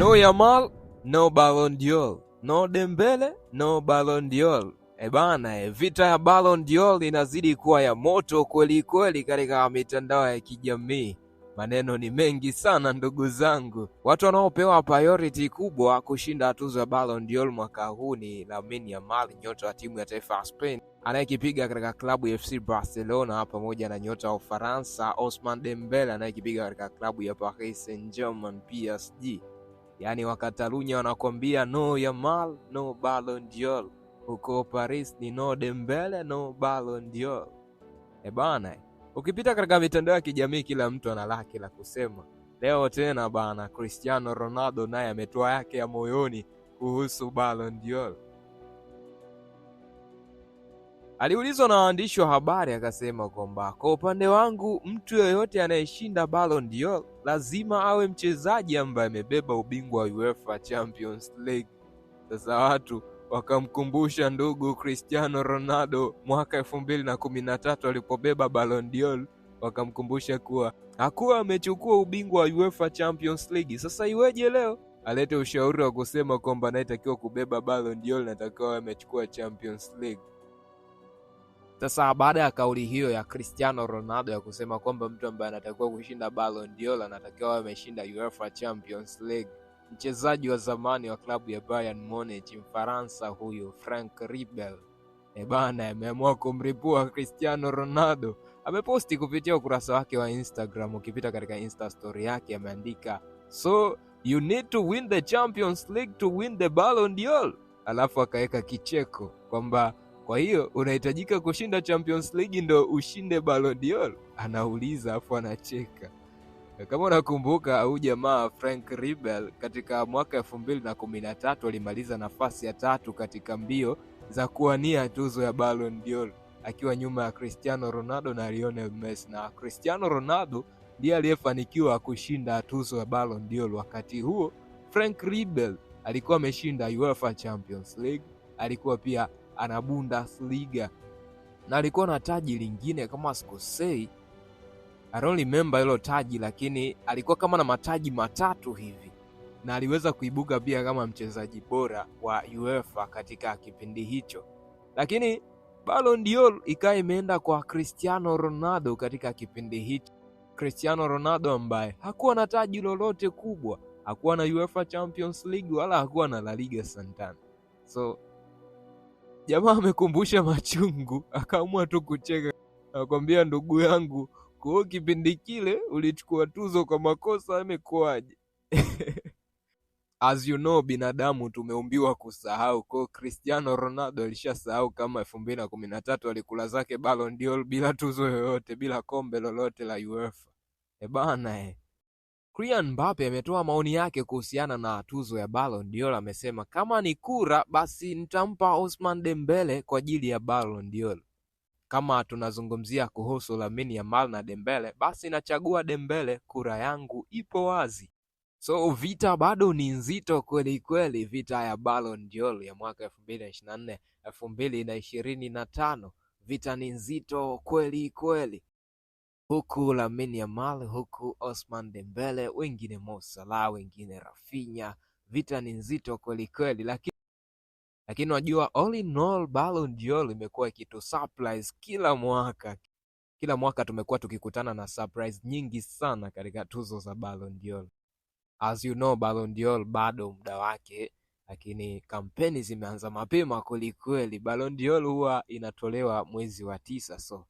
No Yamal, no Ballon d'Or. No Dembele, no Ballon d'Or. E bana, e, vita ya Ballon d'Or inazidi kuwa ya moto kweli kweli katika mitandao ya kijamii. Maneno ni mengi sana ndugu zangu. Watu wanaopewa priority kubwa kushinda tuzo ya Ballon d'Or mwaka huu ni Lamine Yamal, nyota wa timu ya taifa ya Spain anayekipiga katika klabu ya FC Barcelona pamoja na nyota wa Ufaransa Osman Dembele anayekipiga katika klabu ya Paris Saint-Germain PSG yaani Wakatalunya wanakwambia no Yamal no Ballon d'Or, huko Paris ni no Dembele no Ballon d'Or. E eh bana, ukipita katika mitandao ya kijamii kila mtu ana lake la kusema. Leo tena bana, Cristiano Ronaldo naye ametoa yake ya moyoni kuhusu Ballon d'Or. Aliulizwa na waandishi wa habari akasema kwamba kwa upande wangu mtu yoyote anayeshinda Ballon d'Or lazima awe mchezaji ambaye amebeba ubingwa wa UEFA Champions League. Sasa watu wakamkumbusha ndugu Cristiano Ronaldo mwaka 2013 alipobeba Ballon d'Or, wakamkumbusha kuwa hakuwa amechukua ubingwa wa UEFA Champions League. Sasa iweje leo alete ushauri wa kusema kwamba anayetakiwa kubeba Ballon d'Or natakiwa amechukua Champions League? Sasa baada ya kauli hiyo ya Cristiano Ronaldo ya kusema kwamba mtu ambaye anatakiwa kushinda Ballon d'Or anatakiwa ameshinda UEFA Champions League, mchezaji wa zamani wa klabu ya Bayern Munich Mfaransa huyu frank Ribery e bana, ameamua kumripua Cristiano Ronaldo. Ameposti kupitia ukurasa wake wa Instagram, ukipita katika Insta story yake ameandika so you need to win the Champions League to win the Ballon d'Or, alafu akaweka kicheko kwamba kwa hiyo unahitajika kushinda Champions League ndo ushinde Ballon d'Or? Anauliza afu anacheka. Kama unakumbuka huu jamaa Frank ribel katika mwaka elfu mbili na kumi na tatu alimaliza nafasi ya tatu katika mbio za kuwania tuzo ya Ballon d'Or akiwa nyuma ya Cristiano Ronaldo na Lionel Messi, na Cristiano Ronaldo ndiye aliyefanikiwa kushinda tuzo ya Ballon d'Or. Wakati huo Frank ribel alikuwa ameshinda UEFA Champions League, alikuwa pia ana Bundesliga na alikuwa na taji lingine kama sikosei, I don't remember hilo taji, lakini alikuwa kama na mataji matatu hivi na aliweza kuibuka pia kama mchezaji bora wa UEFA katika kipindi hicho, lakini Ballon d'Or ikawa imeenda kwa Cristiano Ronaldo katika kipindi hicho. Cristiano Ronaldo ambaye hakuwa na taji lolote kubwa, hakuwa na UEFA Champions League wala hakuwa na La Liga Santana. So Jamaa amekumbusha machungu, akaamua tu kucheka, akamwambia ndugu yangu, kwa hiyo kipindi kile ulichukua tuzo kwa makosa, amekuaje As you know, binadamu tumeumbiwa kusahau. Kwa Cristiano Ronaldo alishasahau kama elfu mbili na kumi na tatu alikula zake Ballon d'Or bila tuzo yoyote, bila kombe lolote la UEFA. E bana, eh. Kylian Mbappe ametoa maoni yake kuhusiana na tuzo ya Ballon d'Or. Amesema kama ni kura, basi nitampa Osman Dembele kwa ajili ya Ballon d'Or. Kama tunazungumzia kuhusu Lamine Yamal na Dembele, basi nachagua Dembele, kura yangu ipo wazi. So vita bado ni nzito kweli kweli, vita ya Ballon d'Or ya mwaka 2024 2025, vita ni nzito kweli kweli huku Lamine Yamal huku Osman Dembele wengine Mo Salah wengine Rafinha vita ni nzito kweli kweli lakini lakini unajua all in all Ballon d'Or imekuwa kitu surprise kila mwaka kila mwaka tumekuwa tukikutana na surprise nyingi sana katika tuzo za Ballon d'Or as you know Ballon d'Or bado muda wake lakini kampeni zimeanza mapema kwelikweli. Ballon d'Or huwa inatolewa mwezi wa tisa so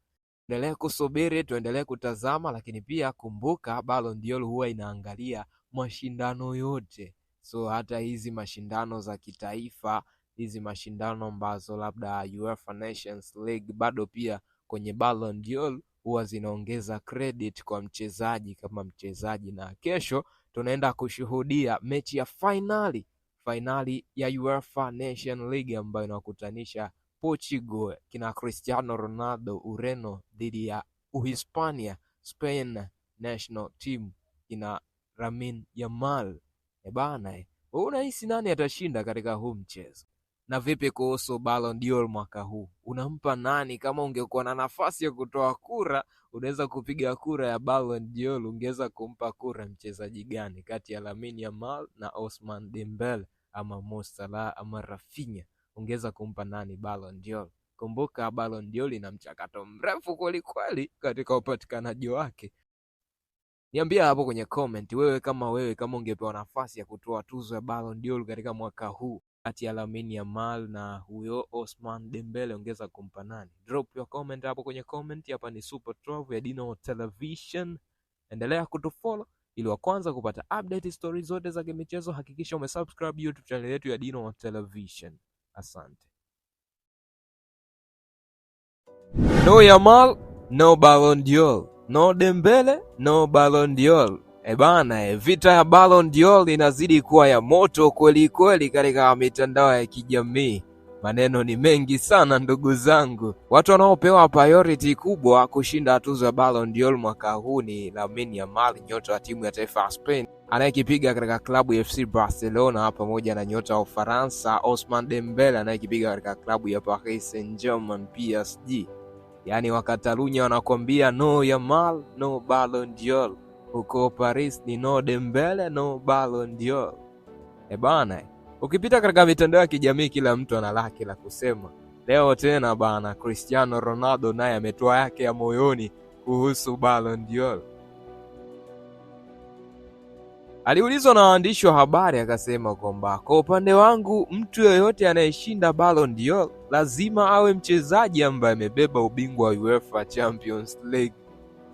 endelea kusubiri tuendelee kutazama lakini pia kumbuka Ballon d'Or huwa inaangalia mashindano yote so hata hizi mashindano za kitaifa hizi mashindano ambazo labda UEFA Nations League bado pia kwenye Ballon d'Or huwa zinaongeza credit kwa mchezaji kama mchezaji, na kesho tunaenda kushuhudia mechi ya fainali fainali ya UEFA Nation League ambayo inakutanisha Portugal kina cristiano ronaldo ureno dhidi ya uhispania spain national team kina lamin yamal ebana eh unahisi nani atashinda katika huu mchezo na vipi kuhusu Ballon d'Or mwaka huu unampa nani kama ungekuwa na nafasi ya kutoa kura unaweza kupiga kura ya Ballon d'Or ungeweza kumpa kura mchezaji gani kati ya Lamine Yamal na Osman Dembele ama Mo Salah ama Rafinha ungeweza kumpa nani Ballon d'Or? Kumbuka Ballon d'Or ina mchakato mrefu kwelikweli katika upatikanaji wake. Niambia hapo kwenye comment, wewe kama wewe kama ungepewa nafasi ya kutoa tuzo ya Ballon d'Or katika mwaka huu kati ya Lamine Yamal na huyo Osman Dembele ungeweza kumpa nani? Drop your comment hapo kwenye comment. Hapa ni Super 12 ya Dino Television, endelea kutufollow ili wa kwanza kupata update stories zote za kimichezo. Hakikisha umesubscribe YouTube channel yetu ya Dino Television. Asante. No Yamal, no Ballon d'Or. No Dembele, no Ballon d'Or. E bana, e vita ya Ballon d'Or inazidi kuwa ya moto kweli kweli katika mitandao ya kijamii. Maneno ni mengi sana ndugu zangu. Watu wanaopewa priority kubwa kushinda tuzo ya Ballon d'Or mwaka huu ni Lamine Yamal, nyota wa timu ya taifa ya Spain anayekipiga katika klabu ya FC Barcelona pamoja na nyota wa Ufaransa Osman Dembele anayekipiga katika klabu ya Paris Saint-Germain PSG. Yaani Wakatalunya wanakwambia no Yamal, no Ballon d'Or. Huko Paris ni no Dembele, no Ballon d'Or. E bana Ukipita katika mitandao ya kijamii, kila mtu ana lake la kusema. Leo tena bana, Cristiano Ronaldo naye ametoa yake ya moyoni kuhusu Ballon d'Or. Aliulizwa na waandishi wa habari akasema kwamba kwa upande wangu, mtu yoyote anayeshinda Ballon d'Or lazima awe mchezaji ambaye amebeba ubingwa wa UEFA Champions League.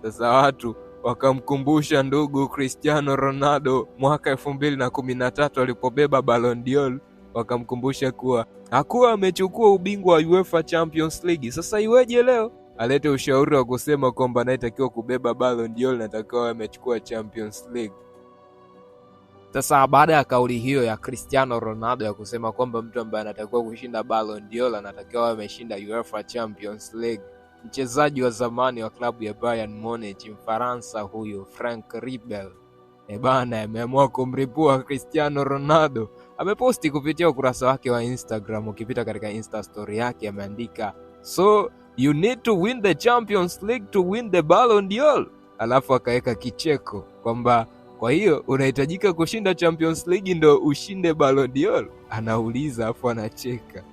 Sasa watu wakamkumbusha ndugu Cristiano Ronaldo mwaka elfu mbili na kumi na tatu alipobeba Ballon d'Or, wakamkumbusha kuwa hakuwa amechukua ubingwa wa UEFA Champions League. Sasa iweje leo alete ushauri wa kusema kwamba anayetakiwa kubeba Ballon d'Or natakiwa amechukua Champions League? Sasa baada ya kauli hiyo ya Cristiano Ronaldo ya kusema kwamba mtu ambaye anatakiwa kushinda Ballon d'Or anatakiwa ameshinda UEFA Champions League mchezaji wa zamani wa klabu ya Bayern Munich Mfaransa huyu frank Ribery e bana, ameamua kumripua Cristiano Ronaldo. Ameposti kupitia ukurasa wake wa Instagram, ukipita katika insta story yake ameandika so you need to win the Champions League to win the Ballon d'Or, alafu akaweka kicheko kwamba kwa hiyo unahitajika kushinda Champions League ndio ushinde Ballon d'Or, anauliza afu anacheka.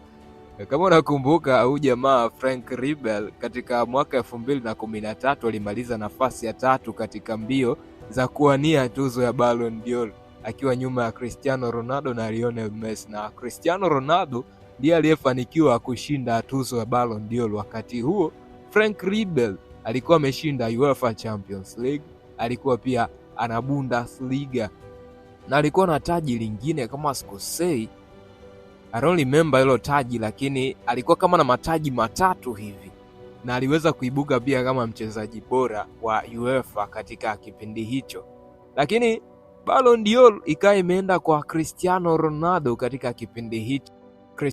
Eh, kama unakumbuka huu jamaa Frank Ribery katika mwaka elfu mbili na kumi na tatu alimaliza nafasi ya tatu katika mbio za kuwania tuzo ya Ballon d'Or akiwa nyuma ya Cristiano Ronaldo na Lionel Messi, na Cristiano Ronaldo ndiye aliyefanikiwa kushinda tuzo ya Ballon d'Or. Wakati huo Frank Ribery alikuwa ameshinda UEFA Champions League, alikuwa pia ana Bundesliga na alikuwa na taji lingine kama sikosei I don't remember hilo taji, lakini alikuwa kama na mataji matatu hivi na aliweza kuibuka pia kama mchezaji bora wa UEFA katika kipindi hicho, lakini Ballon d'Or ikawa imeenda kwa Cristiano Ronaldo katika kipindi hicho.